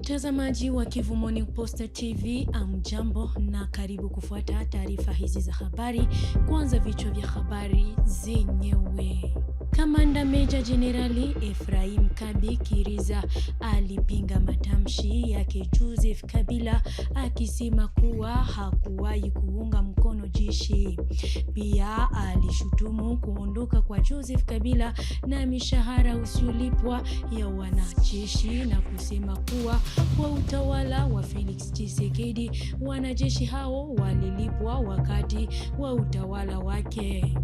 Mtazamaji wa Kivumoni poste TV, amjambo na karibu kufuata taarifa hizi za habari. Kwanza vichwa vya habari zenyewe. Kamanda Meja Jenerali Efraim Kabi Kiriza alipinga matamshi yake Joseph Kabila akisema kuwa hakuwahi kuunga mkono jeshi. Pia alishutumu kuondoka kwa Joseph Kabila na mishahara usiolipwa ya wanajeshi na kusema kuwa kwa utawala wa Felix Tshisekedi wanajeshi hao walilipwa wakati wa utawala wake.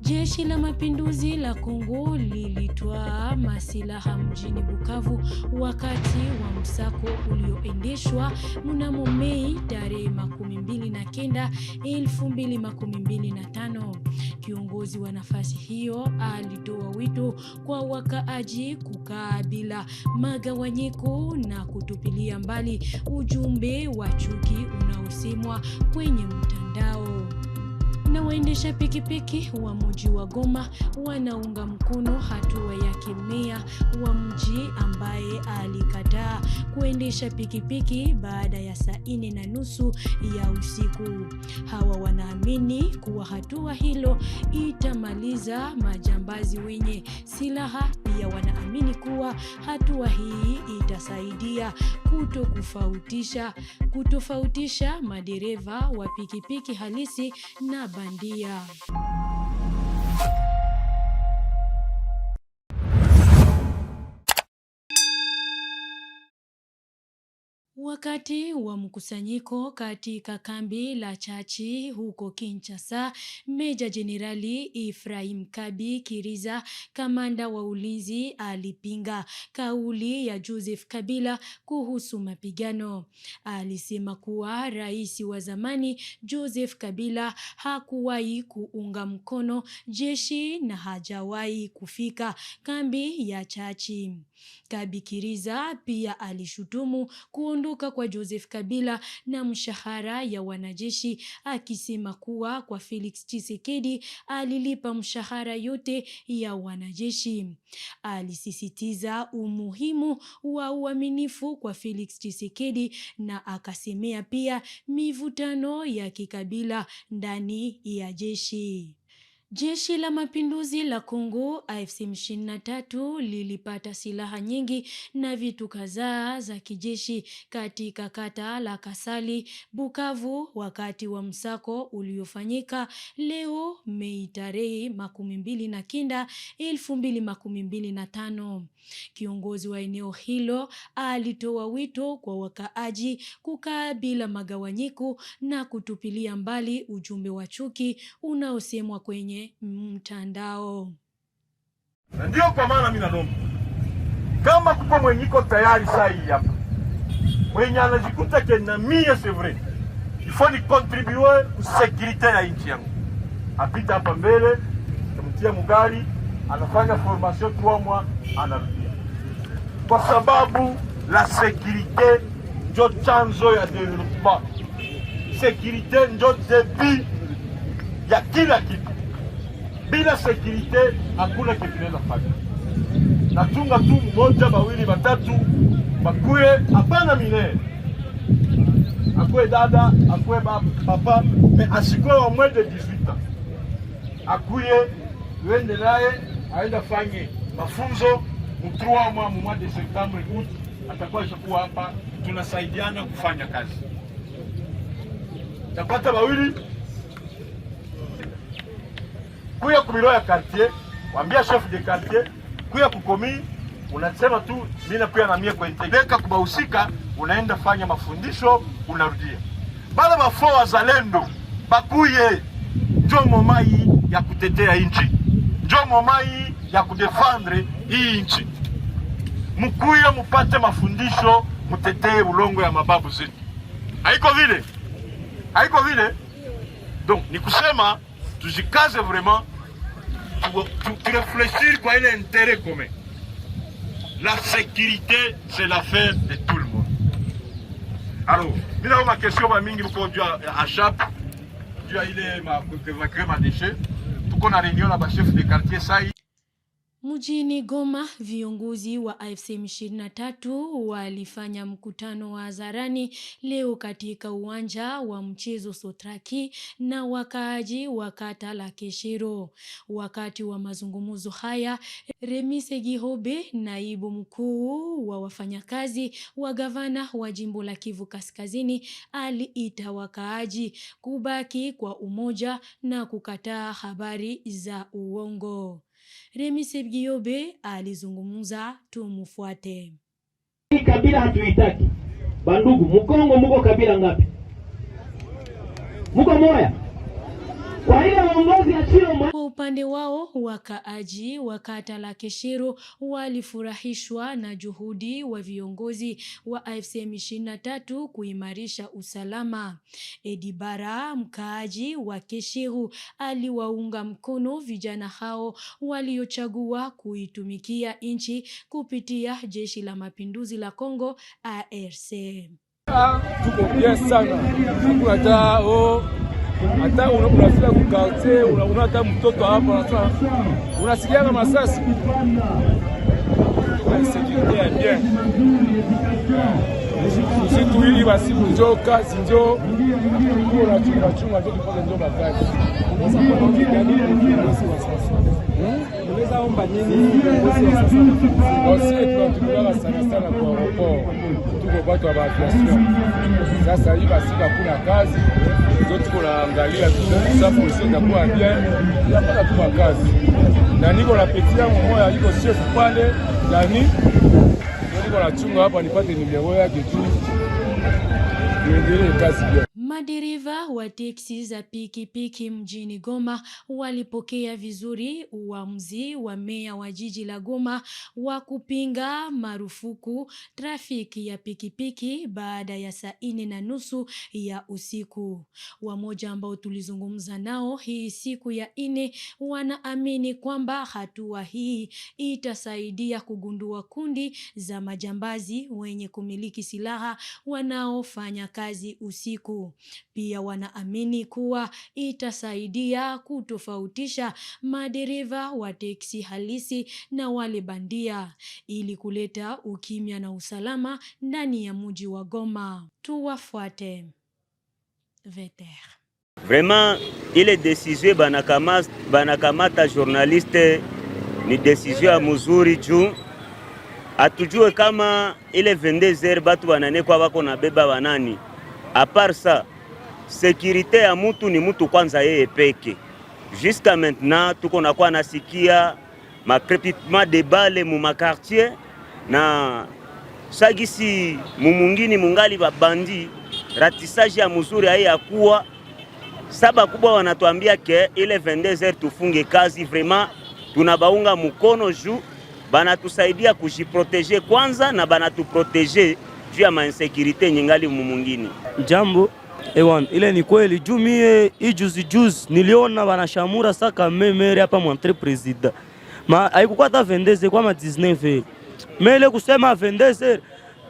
Jeshi la Mapinduzi la Kongo lilitwaa masilaha mjini Bukavu wakati wa msako ulioendeshwa mnamo Mei tarehe makumi mbili na kenda elfu mbili makumi mbili na tano. Kiongozi wa nafasi hiyo alitoa wito kwa wakaaji kukaa bila magawanyiko na kutupilia mbali ujumbe wa chuki unaosemwa kwenye mtandao na waendesha pikipiki wa mji wa Goma wanaunga mkono hatua ya kimea wa mji ambaye alikataa kuendesha pikipiki baada ya saa nne na nusu ya usiku. Hawa wanaamini kuwa hatua hilo itamaliza majambazi wenye silaha. Pia wanaamini kuwa hatua hii itasaidia kutokufautisha kutofautisha madereva wa pikipiki halisi na bandia. Wakati wa mkusanyiko katika kambi la Chachi huko Kinshasa, Meja Jenerali ifrahim Kabi Kiriza, kamanda wa ulinzi, alipinga kauli ya Joseph Kabila kuhusu mapigano. Alisema kuwa rais wa zamani Joseph Kabila hakuwahi kuunga mkono jeshi na hajawahi kufika kambi ya Chachi. Kabi Kiriza pia alishutumu kuondoa kuondoka kwa Joseph Kabila na mshahara ya wanajeshi, akisema kuwa kwa Felix Tshisekedi alilipa mshahara yote ya wanajeshi. Alisisitiza umuhimu wa uaminifu kwa Felix Tshisekedi na akasemea pia mivutano ya kikabila ndani ya jeshi. Jeshi la Mapinduzi la Kongo AFC M23 lilipata silaha nyingi na vitu kadhaa za kijeshi katika kata la Kasali, Bukavu wakati wa msako uliofanyika leo Mei tarehe makumi mbili na kinda elfu mbili makumi mbili na tano. Kiongozi wa eneo hilo alitoa wito kwa wakaaji kukaa bila magawanyiko na kutupilia mbali ujumbe wa chuki unaosemwa kwenye kwenye mtandao. Na ndio kwa maana mimi naomba kama kuko mwenye iko tayari saa hii hapa mwenye anajikuta kena mie sevre ifo ni kontribue kusekirite ya nchi yangu, apita hapa mbele, tamtia mugari, anafanya formation kwa mwa, anarudia kwa sababu la sekirite njo chanzo ya development. Sekirite njo debi ya kila kitu. Bila sekirite hakuna kitu kinaweza kufanya. Natunga tu mmoja mawili matatu, makuye hapana mine akuwe dada akuwe papa me asikuwe wamwende 18 akuye wende naye aenda fanye mafunzo mutrua mwa mwa de septembre ut atakuwa shakuwa hapa, tunasaidiana kufanya kazi tapata mawili kuya ku ya quartier, wambia chef de quartier, kuya kukomi, unasema tu mina nakuya na mie kwa kubahusika, unaenda fanya mafundisho, unarudia. Bale bafo wazalendo bakuye, njo momai ya kutetea inchi, njo momai ya kudefendre hii inchi. mukuye mupate mafundisho, mutetee ulongo ya mababu zetu. Haiko vile, haiko vile. Donc ni kusema tujikaze vraiment tu, réfléchir quoi, il y a intérêt commun. La sécurité, c'est l'affaire de tout le monde. Alors, maintenant, ma question, ma mingi, pourquoi tu as chape, tu as il est ma déchet, pourquoi on a réunion là-bas, chef de quartier, ça, Mjini Goma, viongozi wa AFC M23 walifanya mkutano wa hadharani leo katika uwanja wa mchezo Sotraki na wakaaji wa kata la Keshero. Wakati wa mazungumzo haya, Remise Gihobe, naibu mkuu wa wafanyakazi wa gavana wa jimbo la Kivu Kaskazini, aliita wakaaji kubaki kwa umoja na kukataa habari za uongo. Remi Sebgiobe alizungumza, tumfuate. kabila hatuitaki. Bandugu, Mkongo muko kabila ngapi? Muko moya? Kwa upande wao wakaaji wa kata la keshiru walifurahishwa na juhudi wa viongozi wa AFC M23 kuimarisha usalama. Edi Bara, mkaaji wa keshiru aliwaunga mkono vijana hao waliochagua kuitumikia nchi kupitia Jeshi la Mapinduzi la Kongo ARC. Tuko bien sana. Oh hata unafika kukarte unaona hata mtoto hapa hapa unasikiaga masasi insekurite ya bien usitu hili njo kazi njo unachunga tunaweza omba nini wasie, tunatumikaka sana sana kwa aeroport, tuko watu wa aviation. Sasa hii basi hakuna kazi zote, tuko naangalia tusafuisitakuwa bien yapata tuma kazi na niko na peti yangu moya, iko chef pale nani, niko nachunga hapa nipate nimero yake tu niendelee kazi. Madereva wa teksi za pikipiki mjini Goma walipokea vizuri uamuzi wa meya wa jiji la Goma wa kupinga marufuku trafiki ya pikipiki baada ya saa nne na nusu ya usiku. Wamoja ambao tulizungumza nao hii siku ya nne wanaamini kwamba hatua hii itasaidia kugundua kundi za majambazi wenye kumiliki silaha wanaofanya kazi usiku. Pia wanaamini kuwa itasaidia kutofautisha madereva wa teksi halisi na wale bandia ili kuleta ukimya na usalama ndani ya mji wa Goma. Tuwafuate. Veter Vraiment ile desizio banakamata banakamata journaliste ni desizio ya mzuri juu atujue kama ile vendezer batu bananekwa bako na beba banani apar sa Sekirite ya mutu ni mutu kwanza yeye peke. Jusqu'à maintenant tuko nakuwa nasikia makrepitement de bale mu makartier na sagisi mumungini mungali babandi ratisaji ya muzuri aye yakuwa saba kubwa wanatuambia ke ile 22h tufunge kazi. Vraiment tunabaunga mukono juu banatusaidia kujiproteje kwanza na banatuproteje juu ya mainsekurite nyingali mumungini jambo Ewan, ile ni kweli juu mie hii juzi juzi niliona wanashamura saka memere hapa mwantre presida ma haikukuwa ta vendeze kwa ma 19 mele kusema vendeze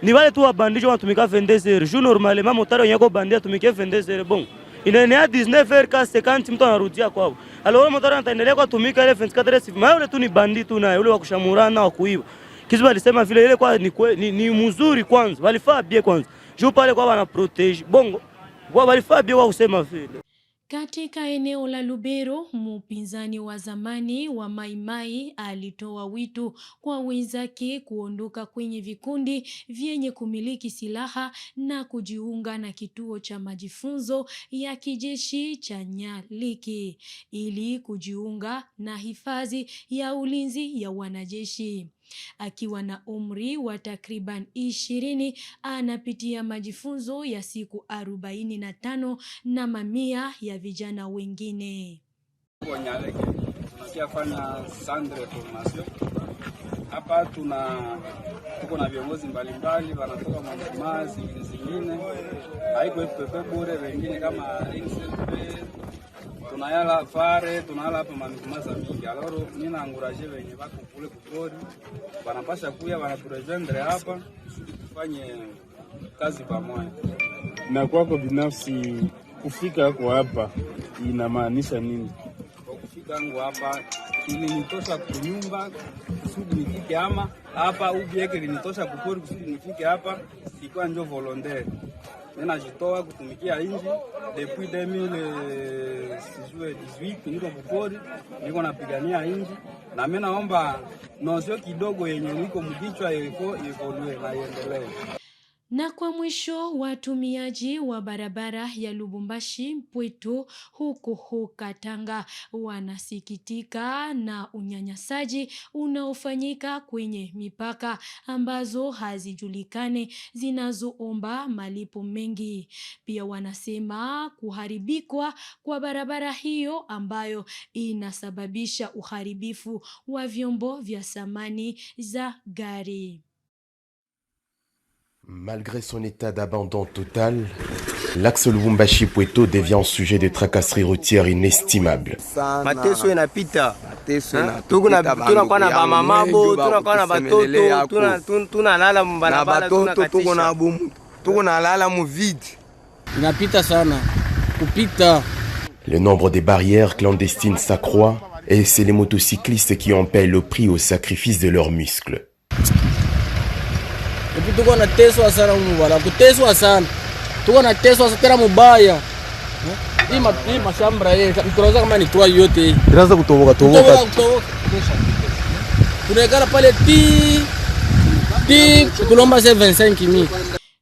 ni wale tu wabandisho wanatumika vendeze juu normale mama motari wenyeko bandia tumike vendeze bon inaenea 19 ka 50 mtu anarudia kwao aloro motari ataendelea kwa tumika ile 24 sivi maana tu ni bandi tu naye ule na wa kuiba kizi walisema vile ile kwa ni, ni, ni mzuri kwanza walifaa bie kwanza juu pale kwa wana protege bongo wawalifabi wa usema vile. Katika eneo la Lubero, mpinzani wa zamani wa Maimai alitoa wito kwa wenzake kuondoka kwenye vikundi vyenye kumiliki silaha na kujiunga na kituo cha majifunzo ya kijeshi cha Nyaliki ili kujiunga na hifadhi ya ulinzi ya wanajeshi. Akiwa na umri wa takriban ishirini anapitia majifunzo ya siku arobaini na tano na mamia ya vijana wengine. Hapa tuna tuko na viongozi mbalimbali wanatoka Mwanamazi zingine haiko pepe bure, wengine kama tunayala fare tunayala hapa mamikumaza mingi aloro, nina anguraje wenye bako kule kupori wanapasha kuya wanaturejendre hapa kusudi tufanye kazi pamoja. Na kwako binafsi kufika kwa hapa inamaanisha nini? Kwa kufika yangu hapa ilinitosha kunyumba kusudi nifike ama hapa ubieke, linitosha kupori kusudi nifike hapa, ikiwa njo volontaire Ninajitoa kutumikia inji depuis 2018 niko kupori, niko napigania inji, na mimi naomba nozio kidogo yenye niko mkichwa evolue na iendelee. Na kwa mwisho, watumiaji wa barabara ya Lubumbashi Mpweto huko Hukatanga wanasikitika na unyanyasaji unaofanyika kwenye mipaka ambazo hazijulikani zinazoomba malipo mengi. Pia wanasema kuharibikwa kwa barabara hiyo ambayo inasababisha uharibifu wa vyombo vya samani za gari. Malgré son état d'abandon total, l'axe Lubumbashi-Pueto devient sujet de tracasseries routières inestimables. Le nombre des barrières clandestines s'accroît et c'est les motocyclistes qui en paient le prix au sacrifice de leurs muscles. Ipi tuko nateswa sana huko wala kuteswa sana. Tuko nateswa tena mubaya. Hii ma hii mashamba yeye mtoroza kama ni kwa yote. Inaanza kutoboka toboka. Kutoboka. Tunaikala pale ti ti kulomba 75000.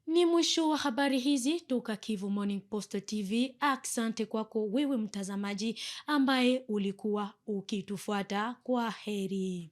Ni mwisho wa habari hizi toka Kivu Morning Post TV. Asante kwako wewe mtazamaji ambaye ulikuwa ukitufuata. Kwa heri.